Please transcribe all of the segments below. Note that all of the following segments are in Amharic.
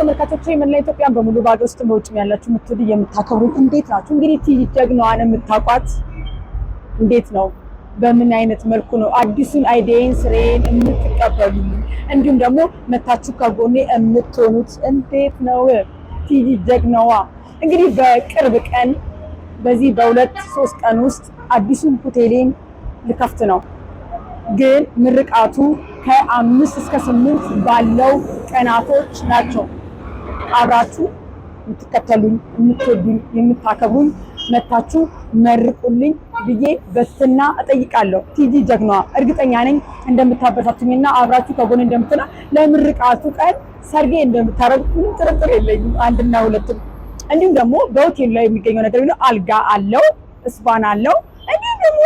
ተመልካቾች ላይ ኢትዮጵያን በሙሉ ባዶ ውስጥ በውጭ ያላችሁ የምትወዱ የምታከብሩ እንዴት ናችሁ? እንግዲህ ቲጂ ጀግናዋን የምታውቋት እንዴት ነው? በምን አይነት መልኩ ነው አዲሱን አይዲያን ስሬን የምትቀበሉ እንዲሁም ደግሞ መታችሁ ከጎኔ የምትሆኑት እንዴት ነው? ቲጂ ጀግናዋ እንግዲህ በቅርብ ቀን በዚህ በሁለት ሶስት ቀን ውስጥ አዲሱን ሆቴሌን ልከፍት ነው። ግን ምርቃቱ ከአምስት እስከ ስምንት ባለው ቀናቶች ናቸው። አብራችሁ የምትከተሉኝ የምትወዱኝ የምታከብሩኝ መታችሁ መርቁልኝ ብዬ በትና እጠይቃለሁ። ቲጂ ጀግናዋ እርግጠኛ ነኝ እንደምታበሳችኝና አብራችሁ ከጎን እንደምትና ለምርቃቱ ቀን ሰርጌ እንደምታረጉት ምንም ጥርጥር የለኝም። አንድና ሁለትም እንዲሁም ደግሞ በሆቴሉ ላይ የሚገኘው ነገር ቢሆን አልጋ አለው፣ እስባን አለው። እንዲሁም ደግሞ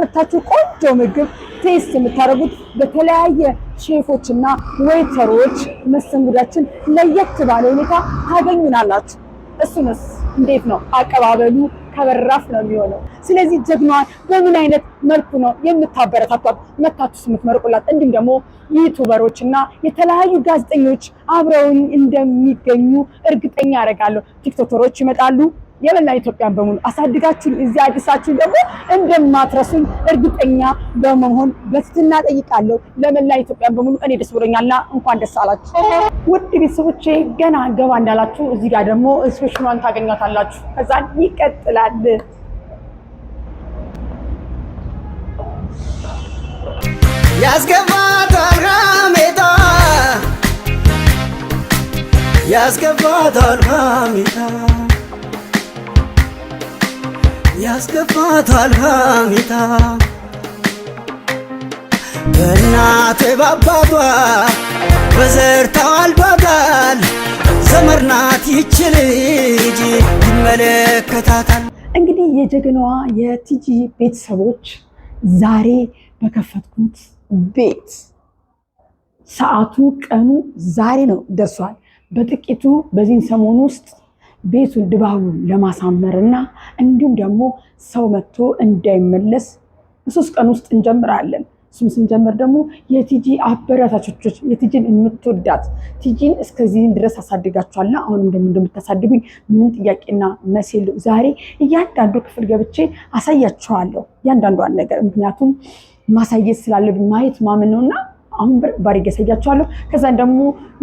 መታችሁ ቆንጆ ምግብ ቴስት የምታደርጉት በተለያየ ሼፎች እና ዌይተሮች መስተንግዷችን ለየት ባለ ሁኔታ ታገኙናላችሁ። እሱንስ እንዴት ነው አቀባበሉ? ከበራፍ ነው የሚሆነው። ስለዚህ ጀግናዋን በምን አይነት መልኩ ነው የምታበረታቷት መታችሁ የምትመርቁላት? እንዲሁም ደግሞ ዩቱበሮች እና የተለያዩ ጋዜጠኞች አብረውን እንደሚገኙ እርግጠኛ አደርጋለሁ። ቲክቶከሮች ይመጣሉ። የመላ ኢትዮጵያን በሙሉ አሳድጋችሁን እዚህ አዲሳችሁን ደግሞ እንደማትረሱን እርግጠኛ በመሆን በትትና ጠይቃለሁ። ለመላ ኢትዮጵያን በሙሉ እኔ ደስ ብሎኛልና እንኳን ደስ አላችሁ። ውድ ቤተሰቦቼ ገና ገባ እንዳላችሁ እዚህ ጋር ደግሞ ኢንስፔክሽኗን ታገኛታላችሁ። ከዛ ይቀጥላል። ያስገባታል ሀሜታ ያስገባታል ያስገፋታል ሀሜታ በእናት ባባቷ በዘርታዋል ባጋል ዘመርናት ይችል ልጅ ይመለከታታል። እንግዲህ የጀግናዋ የቲጂ ቤተሰቦች ዛሬ በከፈትኩት ቤት ሰዓቱ ቀኑ ዛሬ ነው ደርሷል። በጥቂቱ በዚህን ሰሞን ውስጥ ቤቱን ድባቡን ለማሳመርና እንዲሁም ደግሞ ሰው መጥቶ እንዳይመለስ በሶስት ቀን ውስጥ እንጀምራለን። እሱም ስንጀምር ደግሞ የቲጂ አበረታቾች የቲጂን የምትወዳት ቲጂን እስከዚህ ድረስ አሳድጋችኋልና አሁንም ደግሞ እንደምታሳድጉኝ ምንም ጥያቄና መሴሉ ዛሬ እያንዳንዱ ክፍል ገብቼ አሳያችኋለሁ፣ እያንዳንዷን ነገር ምክንያቱም ማሳየት ስላለብን ማየት ማምን ነውና አሁን ባሪጌ ያሳያችኋለሁ። ከዛን ደግሞ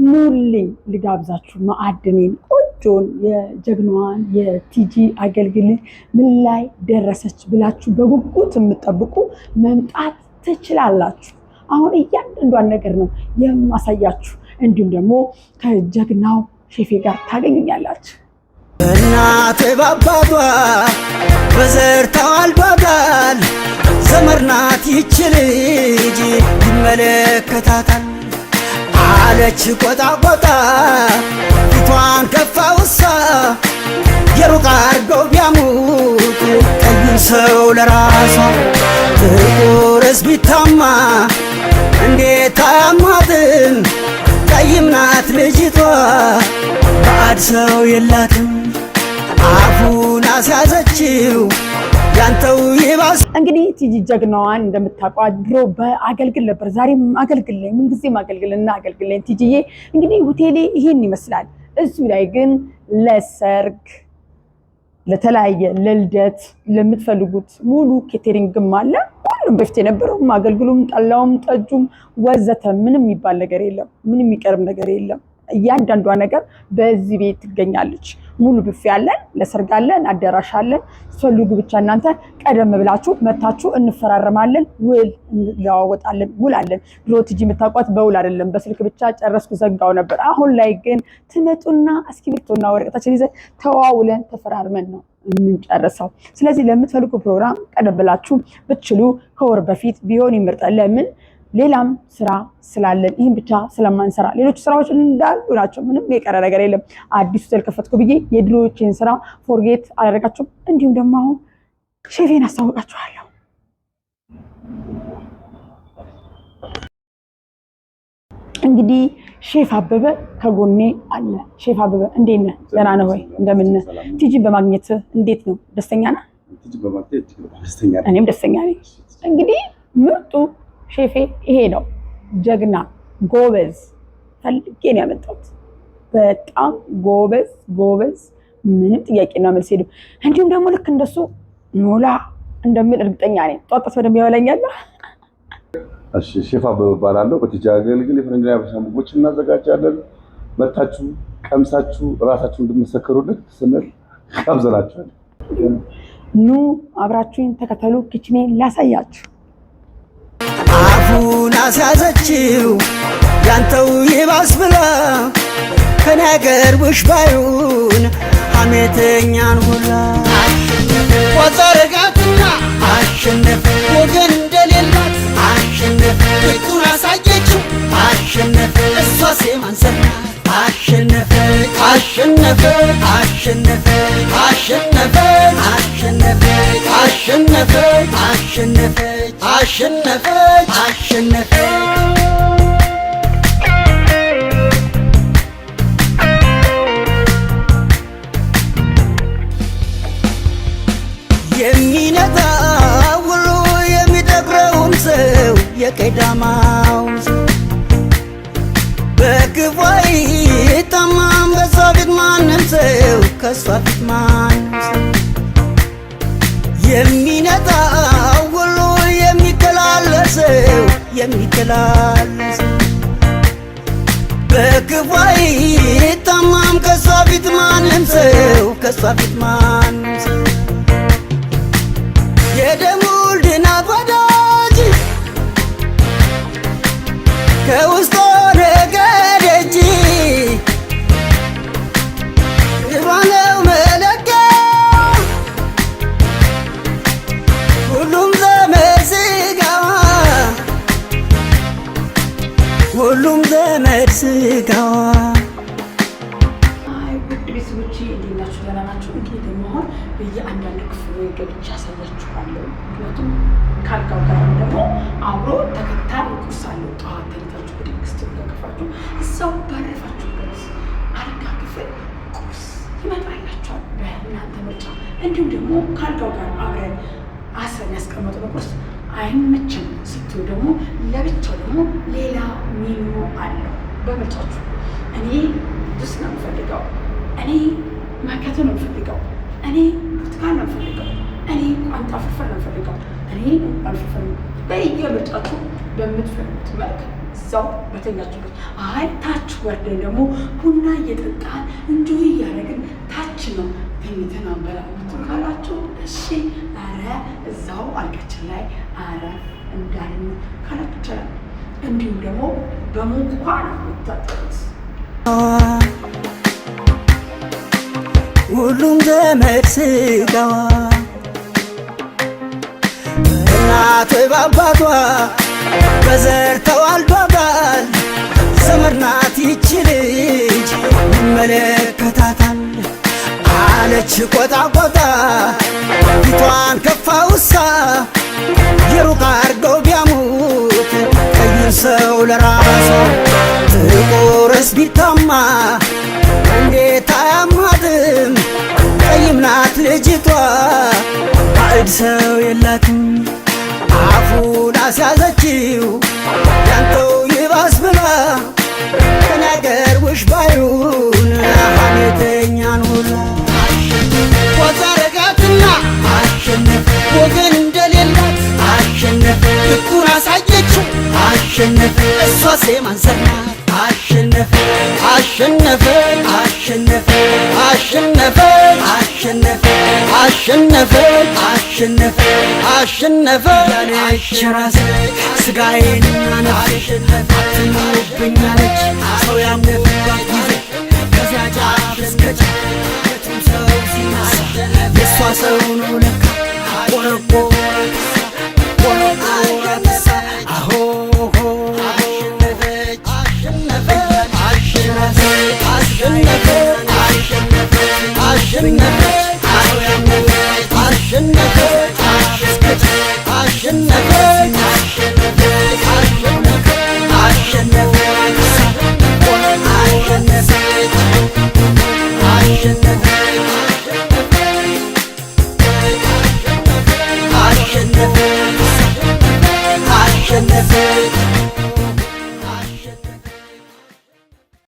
ኑልኝ ልጋብዛችሁ ማዕድኔን ቆንጆን የጀግናዋን የቲጂ አገልግል ምን ላይ ደረሰች ብላችሁ በጉጉት የምጠብቁ መምጣት ትችላላችሁ። አሁን እያንዳንዷን ነገር ነው የማሳያችሁ። እንዲሁም ደግሞ ከጀግናው ሼፌ ጋር ታገኙኛላችሁ። እናቴ ባባቷ በዘር ተዋልባጋ ፍቅር ናት ይች ልጅ ይመለከታታል አለች ቆጣ ቆጣ ፊቷን ከፋ ውሳ የሩቅ አርገው ቢያሙቁ ቀይን ሰው ለራሷ ጥቁርስ ቢታማ እንዴት አያማትም? ቀይም ናት ልጅቷ ባዕድ ሰው የላትም አፉን አስያዘችው ያንተው ይባስ እንግዲህ ቲጂ ጀግናዋን እንደምታውቋት ድሮ በአገልግል ነበር፣ ዛሬም አገልግለኝ ምንጊዜም አገልግልና አገልግለኝ ቲጂዬ። እንግዲህ ሆቴሌ ይሄን ይመስላል። እሱ ላይ ግን ለሰርግ ለተለያየ ለልደት ለምትፈልጉት ሙሉ ኬቴሪንግም አለ። ሁሉም በፊት የነበረውም አገልግሉም፣ ጠላውም፣ ጠጁም ወዘተ ምንም የሚባል ነገር የለም። ምንም የሚቀርብ ነገር የለም። እያንዳንዷ ነገር በዚህ ቤት ትገኛለች። ሙሉ ብፌ አለን፣ ለሰርግ አለን፣ አዳራሽ አለን፣ ስትፈልጉ ብቻ እናንተ ቀደም ብላችሁ መታችሁ እንፈራረማለን፣ ውል እንለዋወጣለን። ውል አለን። ድሮ ቲጂ የምታውቋት በውል አይደለም በስልክ ብቻ ጨረስኩ ዘጋው ነበር። አሁን ላይ ግን ትመጡና እስክሪብቶና ወረቀታችን ይዘን ተዋውለን ተፈራርመን ነው የምንጨርሰው። ስለዚህ ለምትፈልጉ ፕሮግራም ቀደም ብላችሁ ብትችሉ ከወር በፊት ቢሆን ይመርጣል። ለምን ሌላም ስራ ስላለን ይህም ብቻ ስለማንሰራ ሌሎች ስራዎች እንዳሉ ናቸው። ምንም የቀረ ነገር የለም። አዲሱ ስልክ ከፈትኩ ብዬ የድሮዎችን ስራ ፎርጌት አደረጋቸው። እንዲሁም ደግሞ አሁን ሼፌን አስታውቃችኋለሁ። እንግዲህ ሼፍ አበበ ከጎኔ አለ። ሼፍ አበበ እንዴት ነህ? ደህና ነህ ወይ? እንደምን ነህ? በማግኘት እንዴት ነው? ደስተኛ ነህ? እኔም ደስተኛ ነኝ። እንግዲህ ምርጡ ሼፌ ይሄ ነው ጀግና ጎበዝ ፈልጌ ነው ያመጣሁት። በጣም ጎበዝ ጎበዝ፣ ምንም ጥያቄና መልስ ሄዱ። እንዲሁም ደግሞ ልክ እንደሱ ሞላ እንደምል እርግጠኛ ነኝ። ጧጣስ በደንብ ያበላኛል። እሺ ሼፍ አበበ እባላለሁ። አገልግል የፈረንጅና የሀበሻ ምግቦች እናዘጋጃለን። መታችሁ ቀምሳችሁ እራሳችሁ እንድመሰከሩልን ስንል ጋብዘናችኋል። ኑ አብራችሁኝ ተከተሉ፣ ኪችኔ ላሳያችሁ። አፉን አስያዘችው ያንተው ይባስ ብላ ከኔ ያቀርብሽ ባዩን ሐሜተኛን ሁላ አሸነፈ ወገን እንደሌላት አሸነፈ ቱን አሳየችው አሸነፈ እሷ አሸነፈ አሸነፈ አሸነፈ አሸነፈ አሸነፈ አሸነፈ አሸነፈ አሸነፈ አሸነፈ። የሚነጣ ውሎ የሚጠግረውም ሰው የቀዳማው በክፉ አይታማም በሷ ፊት ማንም ሰው ከሷ ፊት ማንም ሰው የሚነጣ የሚተላልፍ በክፋይ ታማም ከሷ ፊት ማንም ሰው ከሷ ፊት ማ ገብቻ ያሳያችኋለሁ። ምክንያቱም ካልጋው ጋር ደግሞ አብሮ ተከታይ ቁርስ አለው። ጠዋት ተኝታችሁ ብድግስት ተቀፋችሁ እዛው ባረፋችሁበት አልጋ ክፍል ቁርስ ይመጣላችኋል በእናንተ ምርጫ። እንዲሁም ደግሞ ካልጋው ጋር አብረን አስረን ያስቀመጥነው ቁርስ አይመችም ስትሉ ደግሞ ለብቻው ደግሞ ሌላ ሜኑ አለው በምርጫችሁ። እኔ ጁስ ነው የምፈልገው፣ እኔ ማኪያቶ ነው የምፈልገው፣ እኔ ብርቱካን ነው የምፈልገው ማንጣፈፈር እንፈልጋል። እኔ አልፈፈር በየምርጫችሁ በምትፈልጉት መልክ እዛው በተኛችሁበት። አይ ታች ወርደን ደግሞ ቡና እየጠጣን እንዲሁ እያደረግን ታች ነው ተኝተን አንበላቱ ካላችሁ እሺ፣ አረ እዛው አልጋችን ላይ አረ እንዳልን ካላችሁ ይቻላል። እንዲሁም ደግሞ በሙንኳን የምታጠሩት ሁሉም ዘመድ ስጋዋ እናት ባባቷ በዘር ተዋልዷ ባል ዘመድ ናት ይቺ ልጅ ይመለከታታል አለች ቆጣ ቆጣ ፊቷን ከፋ ውሳ የሩቅ አርገው ቢያሙት ቀዩን ሰው ለራሷ ጥቁርስ ቢታማ እንዴት አያማትም? ቀይም ናት ልጅቷ ባዕድ ሰው የላትም ልቡን አስያዘችው ያንተው ይባስ ብላ ተናገር ውሽ ባዩን ሐሜተኛን ሁሉ ቆጠረጋትና አሸነፍ ወገን እንደሌላት አሸነፍ ልኩን አሳየችው አሸነፍ እሷ ሴማን ሰናት አሸነፈ አሸነፈ አሸነፈ አሸነፈ አሸነፈ አሸነፈ ያለች ራሴ ስጋዬን ናነፈ ሰው ያምኑባት ጊዜ ከዚያ ጫፍ እስከ ጫፍም ሰው ሲናሳ የእሷ ሰው ነው ለካ አሸነፈች አሸነፈ አሸነፈች አሸነፈ አሸነፈ